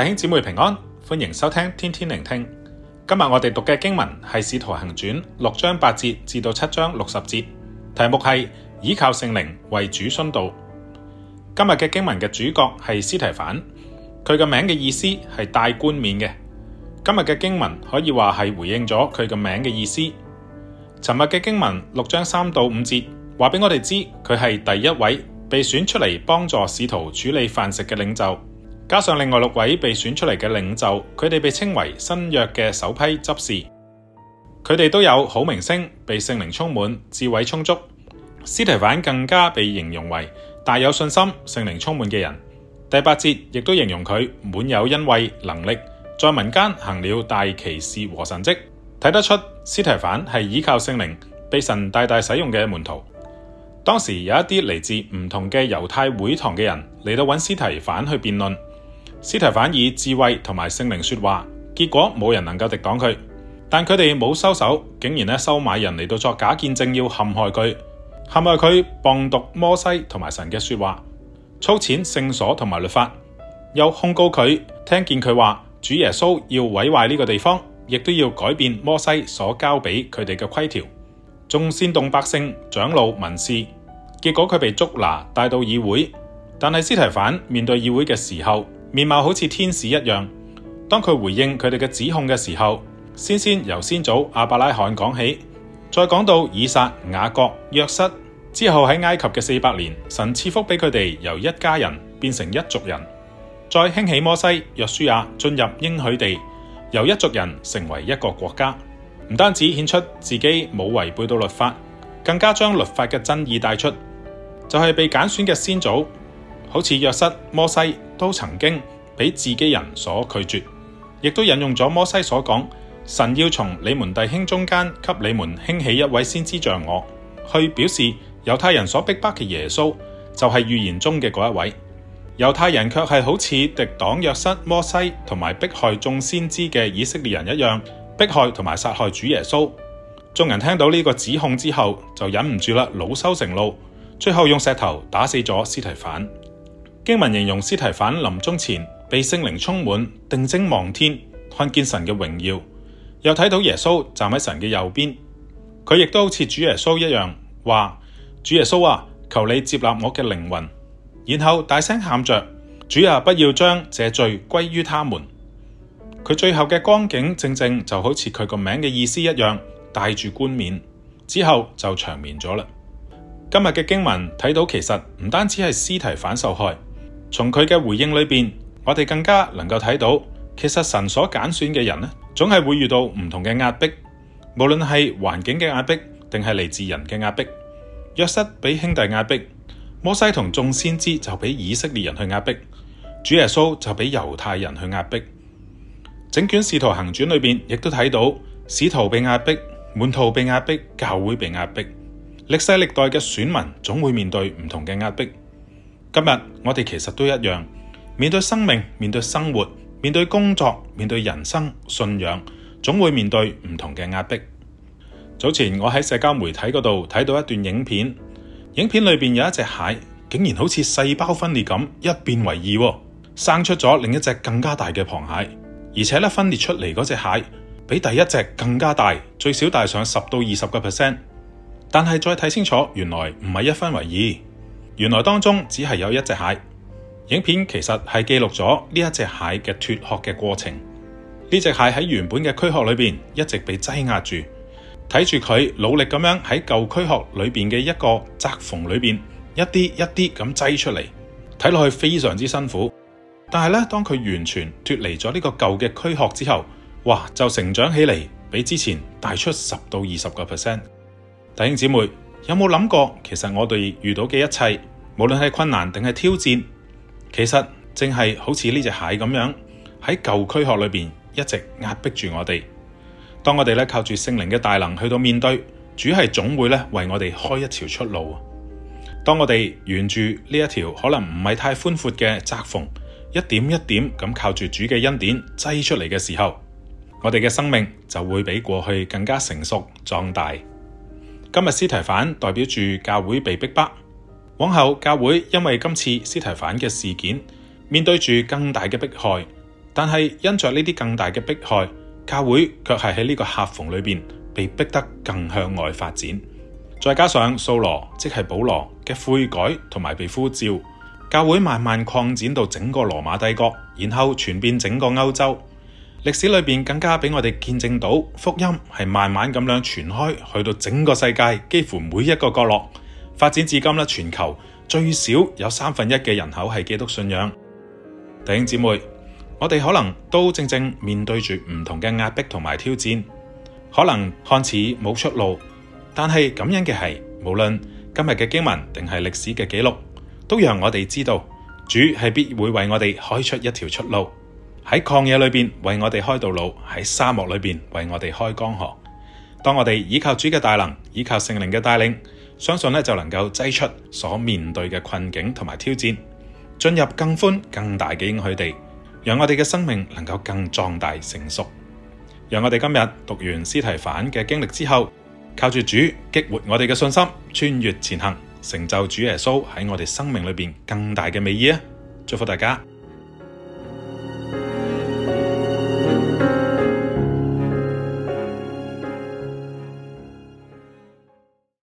弟兄姊妹平安，歡迎收聽天天聆聽。今日我哋讀嘅經文係《使徒行傳》六章八節至到七章六十節，題目係倚靠聖靈為主殉道。今日嘅經文嘅主角係司提反，佢嘅名嘅意思係戴冠冕嘅。今日嘅經文可以話係回應咗佢嘅名嘅意思。尋日嘅經文六章三到五節，話俾我哋知佢係第一位被選出嚟幫助使徒處理飯食嘅領袖。加上另外六位被選出嚟嘅領袖，佢哋被稱為新約嘅首批執事。佢哋都有好名聲，被聖靈充滿，智慧充足。司提反更加被形容為大有信心、聖靈充滿嘅人。第八節亦都形容佢滿有恩惠能力，在民間行了大奇事和神迹。睇得出司提反係依靠聖靈被神大大使用嘅門徒。當時有一啲嚟自唔同嘅猶太會堂嘅人嚟到搵司提反去辯論。司提反以智慧同埋聖靈說話，結果冇人能夠敵擋佢。但佢哋冇收手，竟然咧收買人嚟到作假見證，要陷害佢，陷害佢謗讟摩西同埋神嘅說話，糟踐聖所同埋律法，又控告佢聽見佢話主耶穌要毀壞呢個地方，亦都要改變摩西所交俾佢哋嘅規條，仲煽動百姓長老文士。結果佢被捉拿，帶到議會。但係司提反面對議會嘅時候，面貌好似天使一樣。當佢回應佢哋嘅指控嘅時候，先先由先祖亞伯拉罕講起，再講到以撒、雅各、約瑟之後喺埃及嘅四百年，神賜福俾佢哋，由一家人變成一族人，再興起摩西、約書亞進入應許地，由一族人成為一個國家。唔單止顯出自己冇違背到律法，更加將律法嘅真意帶出，就係、是、被揀選嘅先祖，好似約瑟、摩西。都曾經俾自己人所拒絕，亦都引用咗摩西所講：神要從你們弟兄中間給你們興起一位先知像我，去表示猶太人所逼迫嘅耶穌就係、是、預言中嘅嗰一位。猶太人卻係好似敵擋約瑟、摩西同埋逼害眾先知嘅以色列人一樣，逼害同埋殺害主耶穌。眾人聽到呢個指控之後，就忍唔住啦，惱羞成怒，最後用石頭打死咗司提反。經文形容司提反臨終前被聖靈充滿，定睛望天，看見神嘅榮耀，又睇到耶穌站喺神嘅右邊，佢亦都好似主耶穌一樣，話主耶穌啊，求你接納我嘅靈魂，然後大聲喊着主啊，不要將這罪歸於他們。佢最後嘅光景正正就好似佢個名嘅意思一樣，戴住冠冕之後就長眠咗啦。今日嘅經文睇到，其實唔單止係司提反受害。從佢嘅回應裏邊，我哋更加能夠睇到，其實神所揀選嘅人呢，總係會遇到唔同嘅壓迫。無論係環境嘅壓迫，定係嚟自人嘅壓迫，約瑟俾兄弟壓迫，摩西同眾先知就俾以色列人去壓迫，主耶穌就俾猶太人去壓迫。整卷使徒行傳裏邊，亦都睇到使徒被壓迫，門徒被壓迫，教會被壓迫，歷世歷代嘅選民總會面對唔同嘅壓迫。今日我哋其實都一樣，面對生命、面對生活、面對工作、面對人生、信仰，總會面對唔同嘅壓迫。早前我喺社交媒體嗰度睇到一段影片，影片裏邊有一隻蟹，竟然好似細胞分裂咁一變為二，生出咗另一隻更加大嘅螃蟹，而且咧分裂出嚟嗰隻蟹比第一隻更加大，最少大上十到二十個 percent。但係再睇清楚，原來唔係一分為二。原來當中只係有一隻蟹，影片其實係記錄咗呢一隻蟹嘅脫殼嘅過程。呢隻蟹喺原本嘅軀殼裏邊一直被擠壓住，睇住佢努力咁樣喺舊軀殼裏邊嘅一個窄縫裏邊一啲一啲咁擠出嚟，睇落去非常之辛苦。但係咧，當佢完全脫離咗呢個舊嘅軀殼之後，哇，就成長起嚟，比之前大出十到二十個 percent。弟兄姊妹有冇諗過，其實我哋遇到嘅一切，無論係困難定係挑戰，其實正係好似呢隻蟹咁樣喺舊軀殼裏邊一直壓迫住我哋。當我哋咧靠住聖靈嘅大能去到面對，主係總會咧為我哋開一條出路。當我哋沿住呢一條可能唔係太寬闊嘅窄縫，一點一點咁靠住主嘅恩典擠出嚟嘅時候，我哋嘅生命就會比過去更加成熟壯大。今日司提反代表住教會被逼迫，迫。往後教會因為今次司提反嘅事件，面對住更大嘅迫害，但係因着呢啲更大嘅迫害，教會卻係喺呢個狹縫裏邊，被逼得更向外發展。再加上掃羅即係保羅嘅悔改同埋被呼召，教會慢慢擴展到整個羅馬帝國，然後傳遍整個歐洲。歷史裏邊更加俾我哋見證到福音係慢慢咁樣傳開，去到整個世界，幾乎每一個角落。發展至今咧，全球最少有三分一嘅人口係基督信仰。弟兄姊妹，我哋可能都正正面對住唔同嘅壓迫同埋挑戰，可能看似冇出路，但係感恩嘅係，無論今日嘅經文定係歷史嘅記錄，都讓我哋知道主係必會為我哋開出一條出路。喺曠野裏邊為我哋開道路，喺沙漠裏邊為我哋開江河。當我哋依靠主嘅大能，依靠聖靈嘅帶領，相信呢，就能夠擠出所面對嘅困境同埋挑戰，進入更寬更大嘅應許地，讓我哋嘅生命能夠更壯大成熟。讓我哋今日讀完司提反嘅經歷之後，靠住主激活我哋嘅信心，穿越前行，成就主耶穌喺我哋生命裏邊更大嘅美意啊！祝福大家。